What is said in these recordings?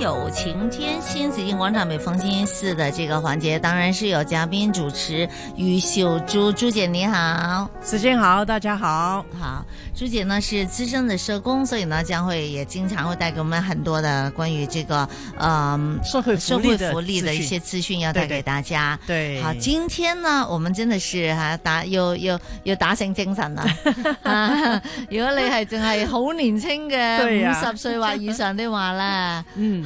有晴天新紫金廣場每逢星期四的這個環節，當然是有嘉賓主持。于秀珠朱姐，你好，紫金好，大家好。好，朱姐呢是資深的社工，所以呢將會也經常會帶給我們很多的關於這個嗯社會福利社會福利的一些資訊要帶給大家。對，對，對，對好，今天呢我們真的是哈打又又又打醒精神了、 啊。如果你是仲係好年輕嘅五十歲或以上的話咧， 嗯。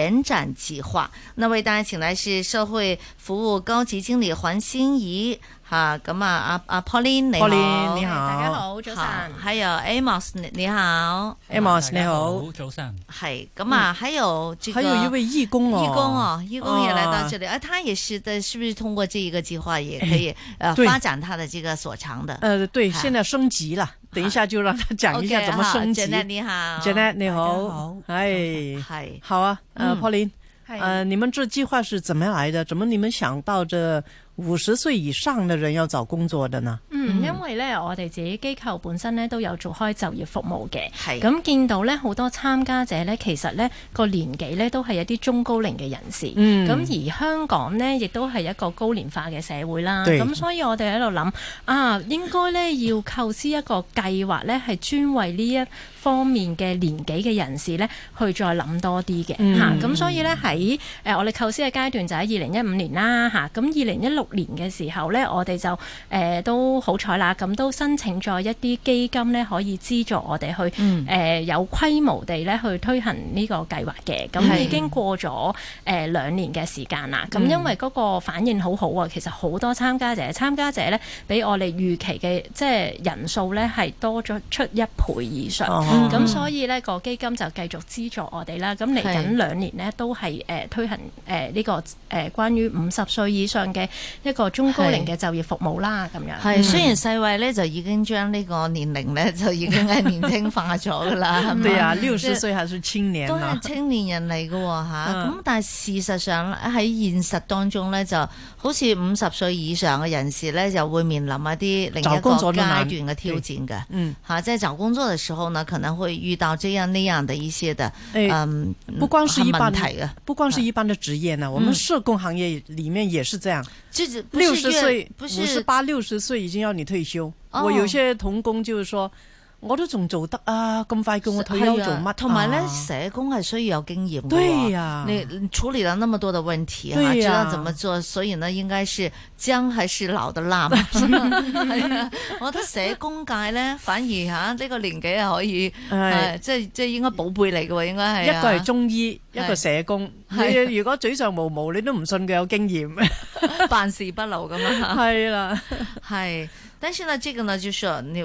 延展計劃，那為大家請來是社會服務高級經理黃心怡。啊，咁啊，阿阿 Pauline，Pauline，你好，大家好，早晨。還有 Amos，你你好，Amos 你好，早晨。係，咁啊，還有這個，還有一位義工，哦。義工哦，義工也來到這裏，啊，他也是的，是不是通過這一個計劃也可以，呃發展他的這個所長的？呃，對，現在升級了，等一下就讓他講一下怎麼升級。Jeanette 你好，Jeanette 你好，好，係，好啊，呃 Pauline，係，呃，你們這計劃是怎麼樣來的？怎麼你們想到這？五十歲以上嘅人要找工作的呢？嗯，因為咧，我哋自己機構本身咧都有做開就業服務嘅，係咁的見到咧好多參加者咧，其實咧個年紀咧都係一啲中高齡嘅人士，咁、嗯、而香港呢，亦都係一個高年化嘅社會啦，咁對所以我哋喺度諗啊，應該咧要構思一個計劃咧，係專為呢一方面嘅年紀嘅人士咧去再諗多啲嘅吓，咁、嗯啊、所以咧喺誒我哋構思嘅階段就喺二零一五年啦吓，咁二零一六。年嘅時候咧，我哋就、呃、都好彩啦，咁都申請咗一啲基金咧，可以資助我哋去、嗯呃、有規模地咧去推行呢個計劃嘅。咁已經過咗誒、呃、兩年嘅時間啦。咁、嗯、因為嗰個反應好好啊，其實好多參加者，參加者咧比我哋預期嘅即係人數咧係多咗出一倍以上。咁、嗯、所以咧個基金就繼續資助我哋啦。咁嚟緊兩年咧都係、呃、推行呢、呃呢個誒、呃、關於五十歲以上嘅一個中高齡嘅就業服務啦，咁樣係雖然世衛咧就已經將呢個年齡咧就已經係年輕化咗噶啦。對啊，六十歲還是青年都係青年人嚟噶吓。咁但係事實上喺現實當中咧，就好似五十歲以上嘅人士咧，就會面臨一啲另一個階段嘅挑戰嘅。嗯，吓，即係找工作的時候呢，可能會遇到這樣呢樣的一些的誒，不光係一般嘅，不光係一般的職業呢，我們社工行業裏面也是這樣。六十歲，五十八，六十歲已經要你退休。Oh. 我有些同工就是說。我都仲做得啊！咁快叫我退休做乜？同埋咧，社工係需要有經驗嘅。對呀，你處理咗那麼多嘅問題，知道怎麼做。所以呢，應該是薑還是老的辣。係啊，我覺得社工界咧，反而吓呢個年紀係可以，係即係即係應該寶貝嚟嘅。應該係一個係中醫，一個社工。你如果嘴上無毛，你都唔信佢有經驗。辦事不留咁啊！係啦，係。但是呢，這個呢，就說你。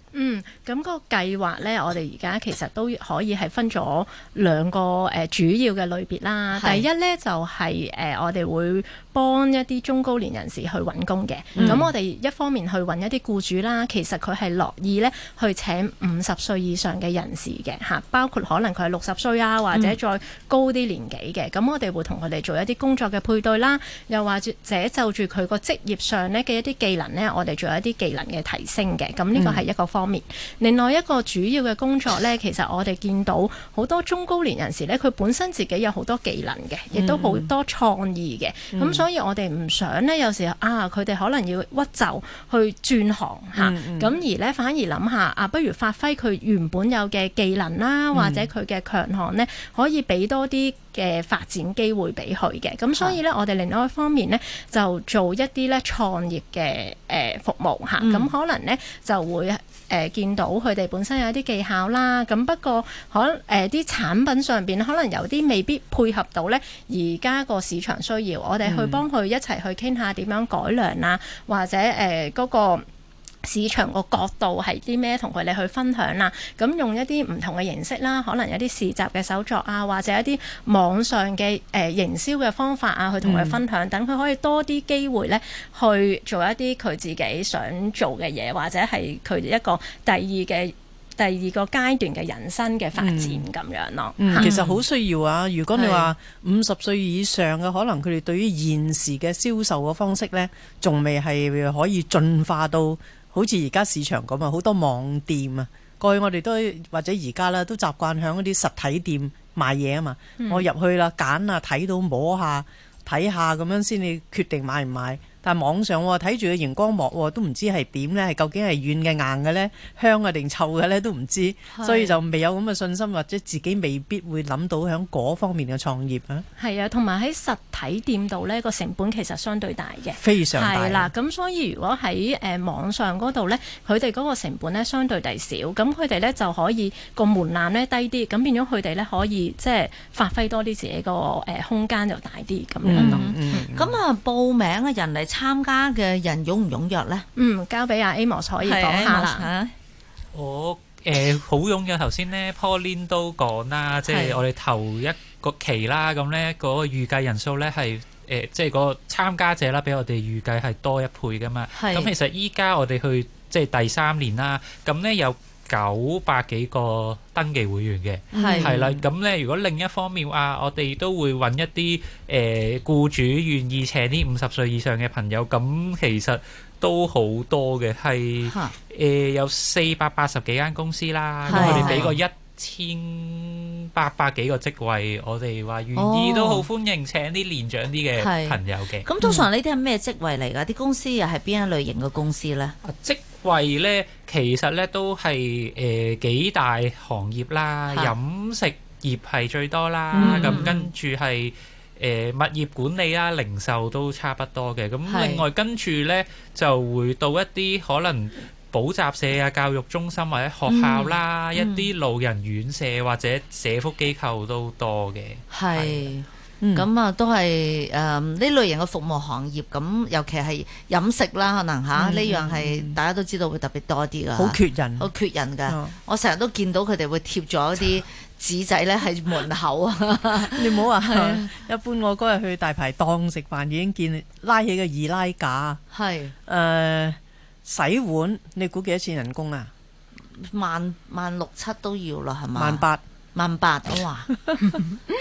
嗯，咁個計劃咧，我哋而家其實都可以係分咗兩個誒、呃、主要嘅類別啦。是第一咧就係、是、誒、呃、我哋會幫一啲中高年人士去揾工嘅。咁、嗯、我哋一方面去揾一啲僱主啦，其實佢係樂意咧去請五十歲以上嘅人士嘅吓、啊，包括可能佢係六十歲啊，或者再高啲年紀嘅。咁、嗯、我哋會同佢哋做一啲工作嘅配對啦，又或者就住佢個職業上咧嘅一啲技能咧，我哋做一啲技能嘅提升嘅。咁呢個係一個方。方面，另外一個主要嘅工作咧，其實我哋見到好多中高年人士咧，佢本身自己有好多技能嘅，亦都好多創意嘅。咁、mm hmm. 所以，我哋唔想咧，有時候啊，佢哋可能要屈就去轉行吓咁、mm hmm. 而咧反而諗下啊，不如發揮佢原本有嘅技能啦，或者佢嘅強項咧，可以俾多啲嘅發展機會俾佢嘅。咁所以咧，我哋另外一方面咧，就做一啲咧創業嘅誒服務吓咁、mm hmm. 可能咧就會。誒、呃、見到佢哋本身有啲技巧啦，咁不過可啲、呃、產品上面可能有啲未必配合到呢，而家個市場需要，我哋去幫佢一齊去傾下點樣改良啦、啊，或者誒嗰、呃嗰個。市場個角度係啲咩？同佢哋去分享啦。咁用一啲唔同嘅形式啦，可能有啲市集嘅手作啊，或者一啲網上嘅誒、呃、營銷嘅方法啊，去同佢分享，等佢、嗯、可以多啲機會呢，去做一啲佢自己想做嘅嘢，或者係佢一個第二嘅第二個階段嘅人生嘅發展咁樣咯、嗯嗯。其實好需要啊！嗯、如果你話五十歲以上嘅，是可能佢哋對於現時嘅銷售嘅方式呢，仲未係可以進化到。好似而家市場咁啊，好多網店啊，過去我哋都或者而家啦，都習慣喺嗰啲實體店買嘢啊嘛，我入去啦，揀啊，睇到摸下睇下咁樣先，你決定買唔買？但網上睇住個熒光幕都唔知係點咧，係究竟係軟嘅硬嘅呢？香嘅定臭嘅呢？都唔知，是所以就未有咁嘅信心，或者自己未必會諗到喺嗰方面嘅創業啊。係啊，同埋喺實體店度呢個成本其實相對大嘅，非常大啦。咁所以如果喺誒網上嗰度呢，佢哋嗰個成本呢相對地少，咁佢哋呢就可以個門檻咧低啲，咁變咗佢哋呢可以即係發揮多啲自己個誒空間又大啲咁、嗯、樣咯。咁啊、嗯嗯，報名嘅人嚟。參加嘅人踴唔踴躍咧？嗯，交俾阿 Amos 可以講下啦。的 A、oss, 我誒好踴躍，頭先咧 Pauline 都講啦，即係 我哋頭一個期啦，咁咧嗰個預計人數咧係誒，即、呃、係、就是、個參加者啦，比我哋預計係多一倍噶嘛。咁是其實依家我哋去即係第三年啦，咁咧有。九百幾個登記會員嘅，係啦。咁咧，如果另一方面話，我哋都會揾一啲誒僱主願意請啲五十歲以上嘅朋友，咁其實都好多嘅，係誒有四百八十幾間公司啦，咁我哋俾個一千八百幾個職位，我哋話願意都好歡迎請啲年長啲嘅朋友嘅。咁通常呢啲係咩職位嚟㗎？啲公司又係邊一類型嘅公司呢？啊職為咧，其實咧都係誒、呃、幾大行業啦，飲是食業係最多啦，咁、嗯、跟住係誒物業管理啦，零售都差不多嘅，咁是另外跟住咧就會到一啲可能補習社啊、教育中心或者學校啦，嗯、一啲老人院社、嗯、或者社福機構都多嘅，係是。咁啊、嗯，都係誒呢類型嘅服務行業，咁尤其係飲食啦，可能吓呢樣係大家都知道會特別多啲噶。好缺人，好缺人㗎！哦、我成日都見到佢哋會貼咗一啲紙仔咧喺門口 啊。你唔好話係，一般我嗰日去大排檔食飯已經見拉起個二拉架。係誒是、呃、洗碗，你估幾多錢人工啊？萬萬六七都要啦，係咪？萬八。萬八我話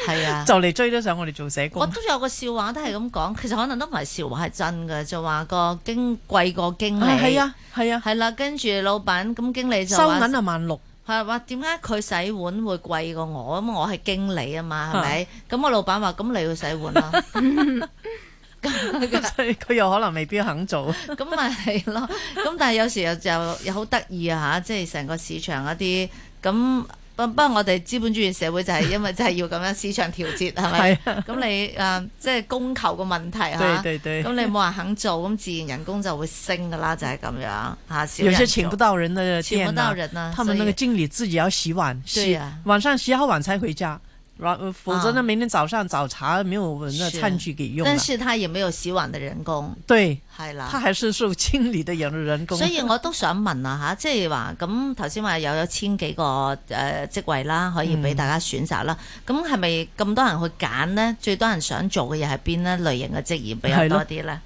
係 啊，就嚟追得上我哋做社工。我都有個笑話，都係咁講，其實可能都唔係笑話，係真嘅。就話個經貴過經理，係啊係啊，係啦、啊。跟住、啊啊、老闆咁經理就收銀係萬六，係話點解佢洗碗會貴過我咁？我係經理啊嘛，係咪？咁我、啊、老闆話咁你要洗碗啦。咁所以佢又可能未必肯做。咁咪係咯？咁但係有時候又就又好得意啊！吓，即係成個市場一啲咁。不，不過我哋資本主義社會就係因為就係要咁樣市場調節，係咪？ 咁你誒即係供求嘅問題嚇，咁 對對、啊、你冇人肯做，咁自然人工就會升噶啦，就係、是、咁樣嚇。有些請不到人的店、啊，請不到人啊！他們那個經理自己要洗碗，以洗晚上洗好碗才回家。否則呢？明天早上、啊、早茶沒有那餐具給用，但是他也沒有洗碗的人工，對，啦他還是受清理的人人工。 所以我都想問啊，吓、就是，即係話咁頭先話有有千幾個誒職位啦，可以俾大家選擇啦。咁係咪咁多人去揀呢？最多人想做嘅又係邊呢類型嘅職業比較多啲呢？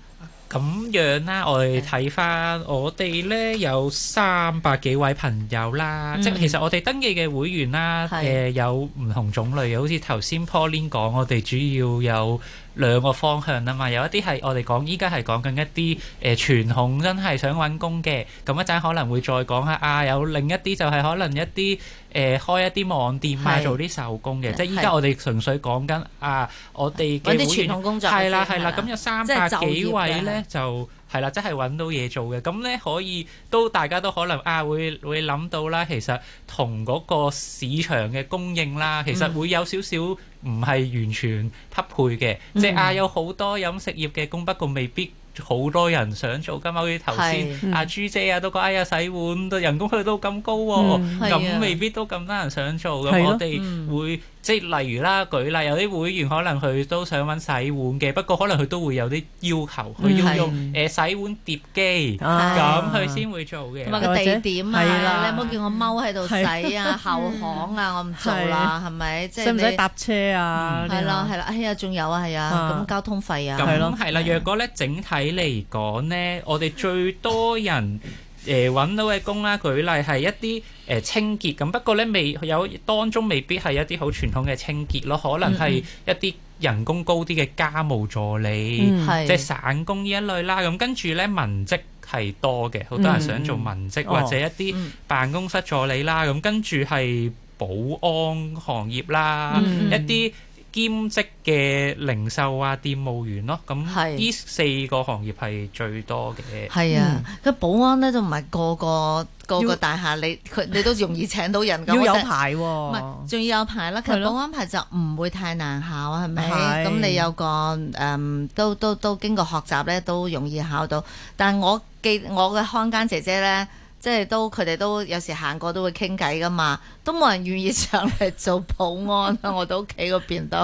咁樣啦，我哋睇翻，的我哋咧有三百幾位朋友啦，嗯、即係其實我哋登記嘅會員啦的、呃，有唔同種類，好似頭先 Pauline 講，我哋主要有兩個方向啊嘛，有一啲係我哋講，依家係講緊一啲誒、呃、傳統真的想找工的，真係想搵工嘅，咁一陣可能會再講下啊。有另一啲就係可能一啲誒、呃、開一啲網店啊，是做啲手工嘅。即係依家我哋純粹講緊啊，我哋嘅傳統工作係啦係啦，咁啦有三百幾位咧就係啦，即係搵到嘢做嘅。咁咧可以都大家都可能啊，會會諗到啦。其實同嗰個市場嘅供應啦，其實會有少少、嗯。唔係完全匹配嘅，嗯、即係啊有好多飲食業嘅工，不過未必好多人想做㗎嘛。好似頭先啊朱姐啊都講，哎呀洗碗，人工去到咁高喎，咁、嗯啊、未必都咁多人想做。咁、啊、我哋會。即係例如啦，舉例有啲會員可能佢都想搵洗碗嘅，不過可能佢都會有啲要求，佢要用誒洗碗碟機咁，佢先會做嘅。咁啊個地點啊，你唔好叫我踎喺度洗啊，後巷啊，我唔做啦，係咪？即係使唔使搭車啊？係啦，係啦，係啊，仲有啊，係啊，咁交通費啊，係咯，係啦。若果咧整體嚟講咧，我哋最多人誒搵到嘅工啦，舉例係一啲。誒清潔咁，不過咧未有當中未必係一啲好傳統嘅清潔咯，可能係一啲人工高啲嘅家務助理，即係散工呢一類啦。咁跟住咧文職係多嘅，好多人想做文職、嗯、或者一啲辦公室助理啦。咁、哦嗯、跟住係保安行業啦，嗯嗯、一啲兼職嘅零售啊店務員咯。咁呢、嗯、四個行業係最多嘅。係啊，個、嗯、保安咧都唔係個個。個個大廈要 你佢你都容易請到人，要有牌，啊，唔係仲要有牌啦。其實保安牌就唔會太難考，係咪對了？咁你有個誒、嗯，都都都，都經過學習咧，都容易考到。但係我記我嘅看更姐姐咧，即係都佢哋都有時行過都會傾偈噶嘛，都冇人願意上嚟做保安啊！ 我喺屋企嗰邊都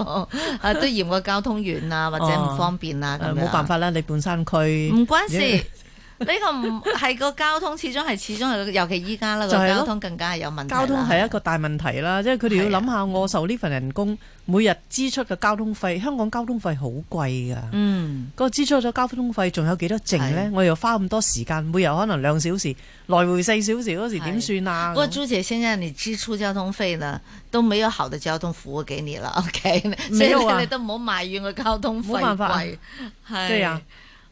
啊，都嫌個交通遠啊，或者唔方便啊，咁冇辦法啦，你半山區唔關事。 呢 個唔係個交通，始終係始終係，尤其依家啦個交通更加係有問題。交通係一個大問題啦，是的即係佢哋要諗下，我受呢份人工，的每日支出嘅交通費，香港交通費好貴噶。嗯，個支出咗交通費，仲有幾多剩咧？我又花咁多時間，每日可能兩小時來回四小時嗰時候怎麼，點算啊？不過朱姐，現在你支出交通費呢都沒有好的交通服務給你啦。OK，沒有、啊、所以你,你都唔好埋怨個交通費貴，係啊。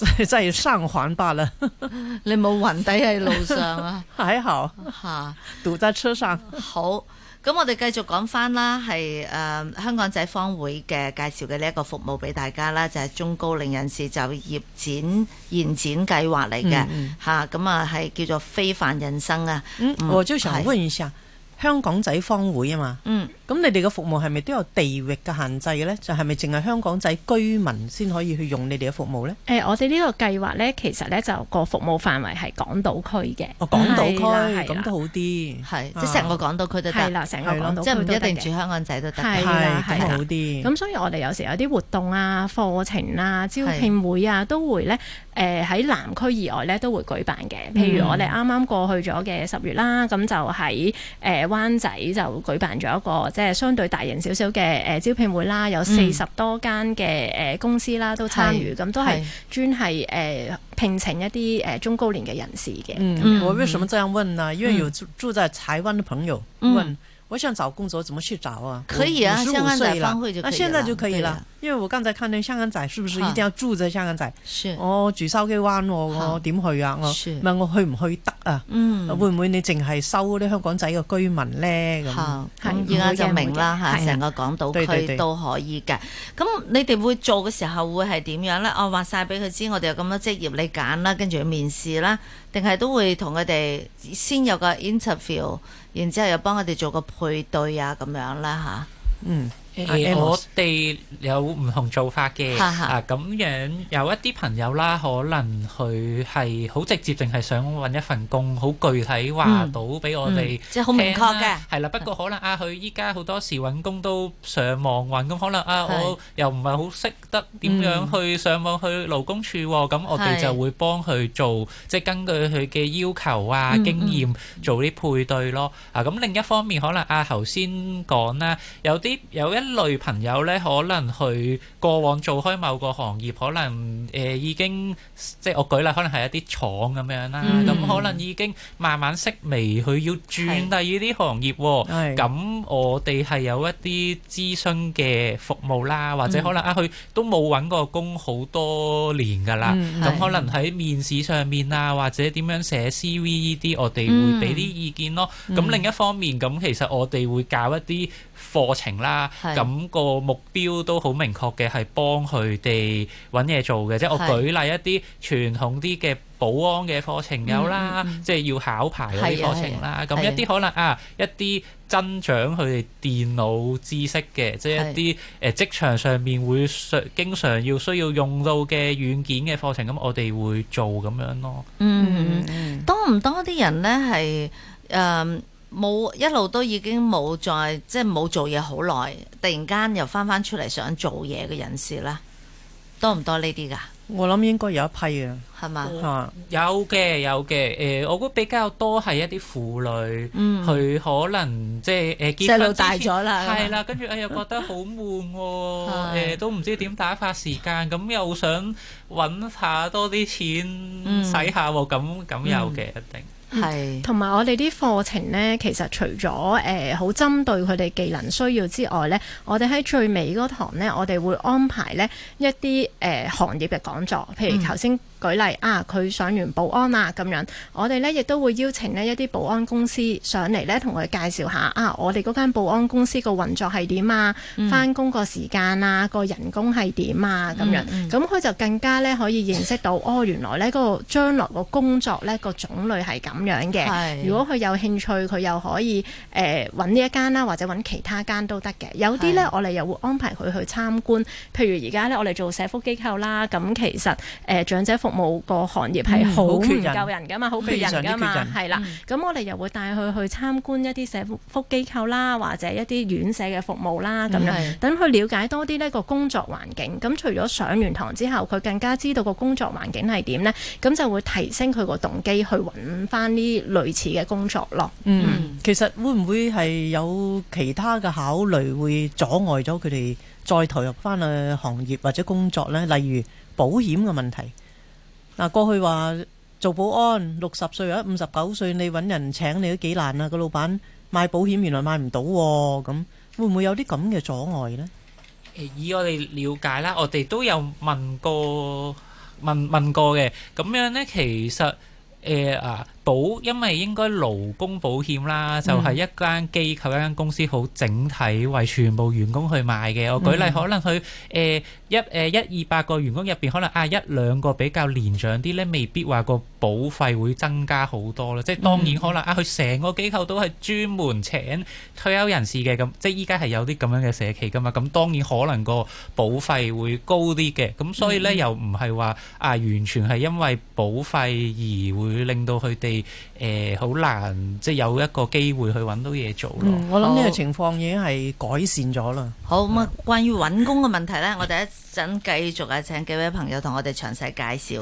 真係生還罷了， 你冇暈低喺路上啊？喺好吓，啊、堵在車上。好，咁我哋繼續講翻啦，係誒、呃、香港仔坊會嘅介紹嘅呢一個服務俾大家啦，就係、是、中高齡人士就業展延展計劃嚟嘅吓，咁、嗯嗯、啊係叫做非凡人生啊。嗯嗯、我就想問一下，哎、香港仔坊會啊嘛。嗯咁你哋嘅服務係咪都有地域嘅限制嘅咧？就係咪淨係香港仔居民先可以去用你哋嘅服務咧？誒、呃，我哋呢個計劃咧，其實咧就個服務範圍係港島區嘅。哦，港島區咁都好啲。係是，啊、即成個港島區都得。係啦，成個港島區都得嘅。的的即唔一定住香港仔都得啲啦，咁好啲。咁所以我哋有時有啲活動啊、課程啊、招聘會啊，的都會咧誒喺南區以外咧都會舉辦嘅。譬如我哋啱啱過去咗嘅十月啦，咁就喺誒、呃、灣仔就舉辦咗一個誒相對大型少少嘅誒招聘會啦，有四十多間嘅誒公司啦都參與，咁、嗯、都係專係誒聘請一啲誒、呃、中高年嘅人士嘅。嗯，我為什麼這樣問呢？因為有住住在台灣嘅朋友問，嗯、我想找工作，怎麼去找啊？可以啊，五十五歲啦，那現在就可以了。因為我剛才看到香港仔，是不是一定要住喺香港仔？哈我住筲箕灣，哈我點去、嗯、啊？我問我去唔去得啊？嗯，會唔會你淨係收啲香港仔嘅居民咧？咁，係而家就明啦，吓，成個港島區都可以嘅。咁你哋會做嘅時候會係點樣咧？我話晒俾佢知，我哋有咁多職業你揀啦，跟住去面試啦，定係都會同佢哋先有個 interview，然之後又幫佢哋做個配對啊咁樣啦，吓？嗯。誒，A、我哋有唔同做法嘅，啊咁樣有一啲朋友啦，可能佢係好直接，定係想揾一份工，好具體話到俾我哋、嗯嗯，即係好明確嘅。係啦、啦，不過可能啊，佢依家好多時揾工都上網揾，咁可能啊，是我又唔係好識得點樣去上網去勞工處、啊，咁、嗯、我哋就會幫佢做，即係根據佢嘅要求啊、嗯、經驗做啲配對咯。嗯嗯、啊，咁另一方面可能啊，頭先講啦，有啲有一些。一類朋友咧，可能佢過往做開某個行業，可能誒、呃、已經即係我舉例，可能係一啲廠咁樣啦。咁、嗯、可能已經慢慢式微，佢要轉第二啲行業。咁是、哦、我哋係有一啲諮詢嘅服務啦，或者可能、嗯、啊，佢都冇揾過工好多年㗎啦。咁、嗯、可能喺面試上面啊，或者點樣寫 CV 呢啲，我哋會俾啲意見咯。咁、嗯嗯、另一方面，咁其實我哋會搞一啲。課程啦，咁個目標都好明確嘅，係幫佢哋揾嘢做嘅。即係我舉例一啲傳統啲嘅保安嘅課程有啦，嗯嗯、即係要考牌嗰啲課程啦。咁一啲可能的啊，一啲增長佢哋電腦知識嘅，的即係一啲誒職場上面會常經常要需要用到嘅軟件嘅課程，咁我哋會做咁樣咯。嗯，多唔多啲人咧係誒？冇一路都已經冇再，即係冇做嘢好耐，突然間又翻翻出嚟想做嘢嘅人士啦，多唔多呢啲㗎？我諗應該有一批啊，係嘛吧、嗯？有嘅有嘅，誒、呃，我估比較多係一啲婦女，佢、嗯、可能即係誒細路大咗啦，係啦，跟住哎又覺得好悶喎、哦嗯呃，都唔知點打發時間，咁、呃、又想揾下多啲錢使下喎，咁咁、嗯、有嘅一定。嗯係，同埋我哋啲課程咧，其實除咗誒好針對佢哋技能需要之外咧，我哋喺最尾嗰堂咧，我哋會安排咧一啲誒行業嘅講座，譬如頭先，舉例啊，佢上完保安啊咁樣，我哋咧亦都會邀請呢一啲保安公司上嚟咧，同佢介紹下啊，我哋嗰間保安公司個運作係點啊，翻工個時間啊，個人工係點啊咁樣，咁佢、嗯嗯、就更加咧可以認識到，哦原來呢個將來個工作咧個種類係咁樣嘅。是如果佢有興趣，佢又可以誒搵呢一間啦，或者搵其他間都得嘅。有啲咧，是我哋又會安排佢去參觀，譬如而家咧我哋做社福機構啦，咁其實、呃、長者服冇個行業係好唔夠人㗎嘛，好、嗯、缺人㗎嘛，係啦。咁我哋又會帶佢去參觀一啲社福機構啦，或者一啲院舍嘅服務啦，咁樣等佢、嗯、了解多啲呢個工作環境。咁除咗上完堂之後，佢更加知道個工作環境係點呢，咁就會提升佢個動機去揾翻呢類似嘅工作咯。嗯，嗯，其實會唔會係有其他嘅考慮會阻礙咗佢哋再投入翻去行業或者工作呢？例如保險嘅問題。嗱，過去話做保安六十歲或者，五十九歲你揾人請你都幾難啊！個老闆買保險原來買唔到喎，咁會唔會有啲咁嘅阻礙咧？誒，以我哋瞭解啦，我哋都有問過問問過嘅，咁樣咧，其實誒啊～保，因為應該勞工保險啦，就係一間機構、一間公司，好整體為全部員工去買嘅。我舉例，可能佢誒一誒一二百個員工入邊，可能啊一兩個比較年長啲咧，未必話個保費會增加好多咯。即係當然可能啊，佢成個機構都係專門請退休人士嘅咁，即係依家係有啲咁樣嘅社企噶嘛。咁當然可能個保費會高啲嘅，咁所以咧又唔係話啊完全係因為保費而會令到佢哋。係誒，好，呃、難，即係有一個機會去搵到嘢做咯，嗯。我諗呢個情況已經係改善咗啦。好，咁啊，嗯，關於搵工嘅問題咧，我哋一陣繼續啊，請幾位朋友同我哋詳細介紹。